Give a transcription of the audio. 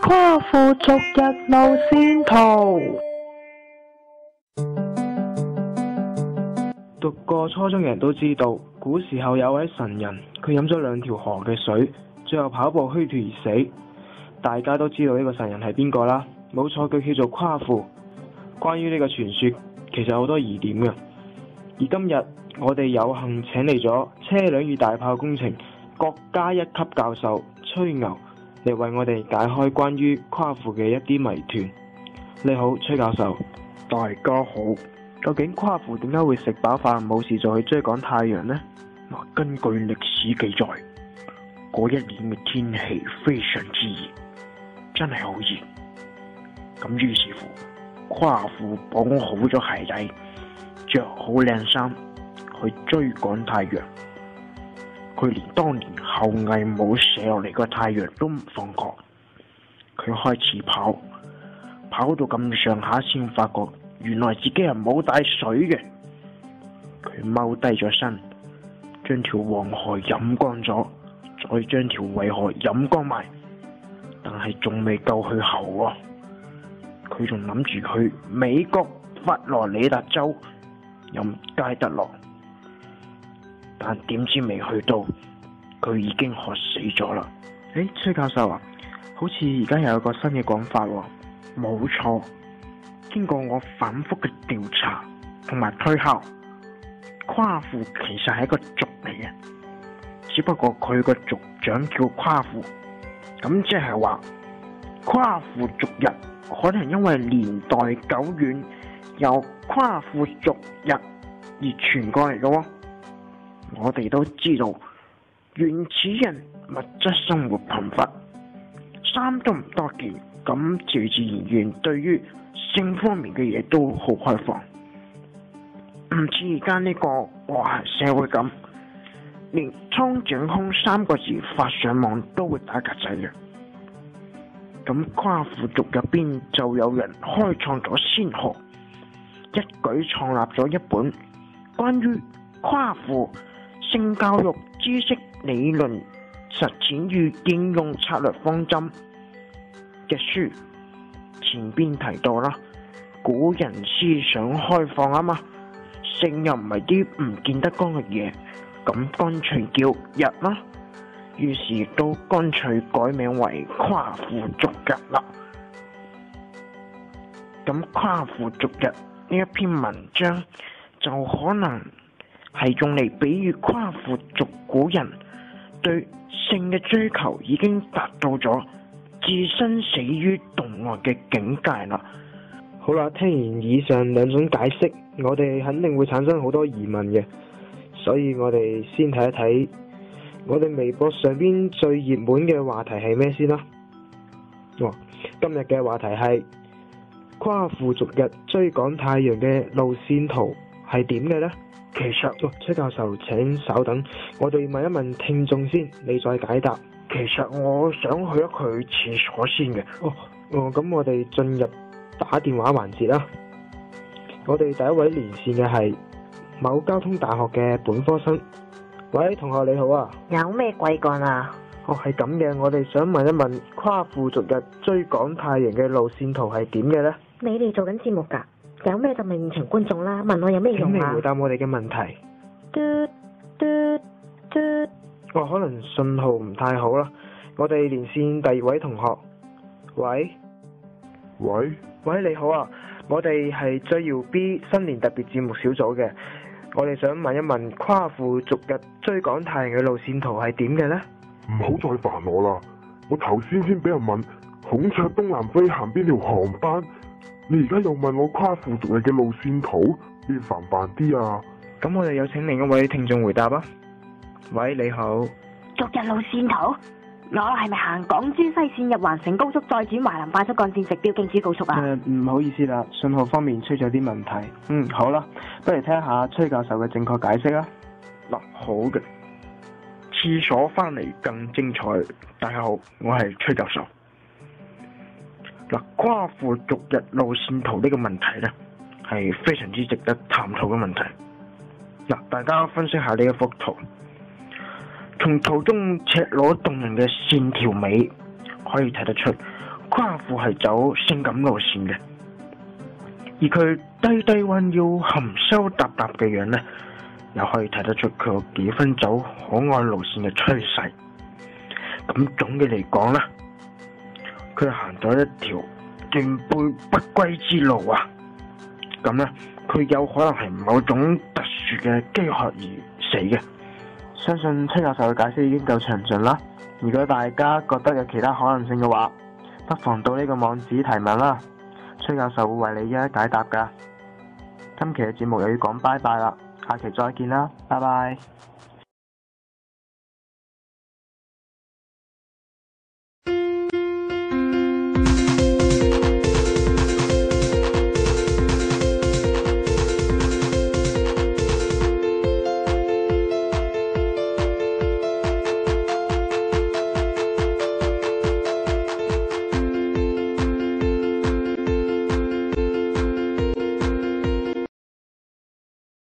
夸父逐日路線圖。讀過初中嘅人都知道，古時候有位神人，佢飲咗兩條河嘅水，最後跑步虛脫而死。大家都知道呢個神人係邊個啦？冇錯，佢叫做夸父。關於呢個傳說，其實好多疑點嘅。而今日。我哋有幸請嚟咗車輛與大炮工程國家一級教授崔牛嚟為我哋解開關於夸父嘅一啲謎團。你好，崔教授，大家好。究竟夸父點解會食飽飯冇事再去追趕太陽呢？根據歷史記載，嗰一年嘅天氣非常之熱，真係好熱。咁於是乎，夸父綁好咗鞋底，着好靚衫。去追趕太陽，佢連當年後羿冇射落嚟個太陽都唔放過。佢開始跑，跑到咁上下先發覺，原來自己係冇帶水嘅。佢踎低咗身，將條黃河飲乾咗，再將條渭河飲乾埋，但係仲未夠去喉。佢仲諗住去美國佛羅里達州飲佳得樂。但點知未去到，佢已經渴死咗啦！誒、欸，崔教授啊，好似而家又有一個新嘅講法喎。冇錯，經過我反復嘅調查同埋推敲，夸父其實係一個族嚟嘅，只不過佢個族長叫夸父，咁即係話夸父逐日可能因為年代久遠，由夸父族日而傳過嚟嘅喎。我哋都知道原始人物質生活貧乏，衫都唔多件，咁自自然然對於性方面嘅嘢,都好開放，唔似而家呢個和諧社會咁，連蒼井空三個字發上網都會打格仔嘅，咁夸父族入邊就有人開創咗先河，一舉創立咗一本關於夸父性教育知識理論實踐與應用策略方針嘅書，前邊提到啦，古人思想開放啊嘛，性又唔係啲唔見得光嘅嘢，咁乾脆叫日啦，於是都乾脆改名為夸父逐日啦。咁夸父逐日呢一篇文章就可能。係用嚟比喻誇父族古人對性嘅追求，已經達到咗置身死於洞外嘅境界啦。好啦，聽完以上兩種解釋，我哋肯定會產生好多疑問嘅，所以我哋先睇一睇我哋微博上邊最熱門嘅話題係咩先啦、哦。今日嘅話題係誇父逐日追趕太陽嘅路線圖係點嘅呢？其實，崔、哦、教授，請稍等，我哋問一問聽眾先，你再解答。其實我想去一去廁所先嘅。哦，哦，咁我哋進入打電話環節啦。我哋第一位連線嘅係某交通大學嘅本科生。喂，同學你好啊。有咩鬼幹啊？哦，係咁嘅，我哋想問一問，夸父逐日追趕太陽嘅路線圖係點嘅呢？你哋做緊節目噶？有咩就問現場觀眾啦，問我有咩用啊？回答我哋嘅問題。嘟嘟嘟，我、哦、可能信號唔太好啦。我哋連線第二位同學。喂？喂？喂，你好啊！我哋係最搖 B 新年特別節目小組嘅，我哋想問一問跨富逐日追講太陽嘅路線圖係點嘅呢？唔好再煩我啦！我頭先先俾人問孔雀東南飛行邊條航班？你而家又問我夸父族日嘅路線圖，要煩唔煩啲啊？咁我哋有請另一位聽眾回答啊。喂，你好，昨日路線圖，我係咪行廣珠西線入環城高速，再轉華南快速幹線直飆京珠高速啊？誒、呃，唔好意思啦，信號方面出咗啲問題。嗯，好啦，不如聽一下崔教授嘅正確解釋啊。嗱，好嘅，廁所翻嚟更精彩。大家好，我係崔教授。嗱，夸父逐日路線圖呢個問題咧，係非常之值得探討嘅問題。嗱，大家分析一下呢一幅圖，從圖中赤裸動人嘅線條美可以睇得出，夸父係走性感路線嘅。而佢低低彎腰含羞答答嘅樣咧，又可以睇得出佢有幾分走可愛路線嘅趨勢。咁總嘅嚟講咧，佢行咗一條敬杯不歸之路啊！咁呢，佢有可能係某種特殊嘅飢渴而死嘅。相信崔教授嘅解釋已經夠詳盡啦。如果大家覺得有其他可能性嘅話，不妨到呢個網址提問啦。崔教授會為你一一解答㗎。今期嘅節目又要講拜拜啦，下期再見啦，拜拜。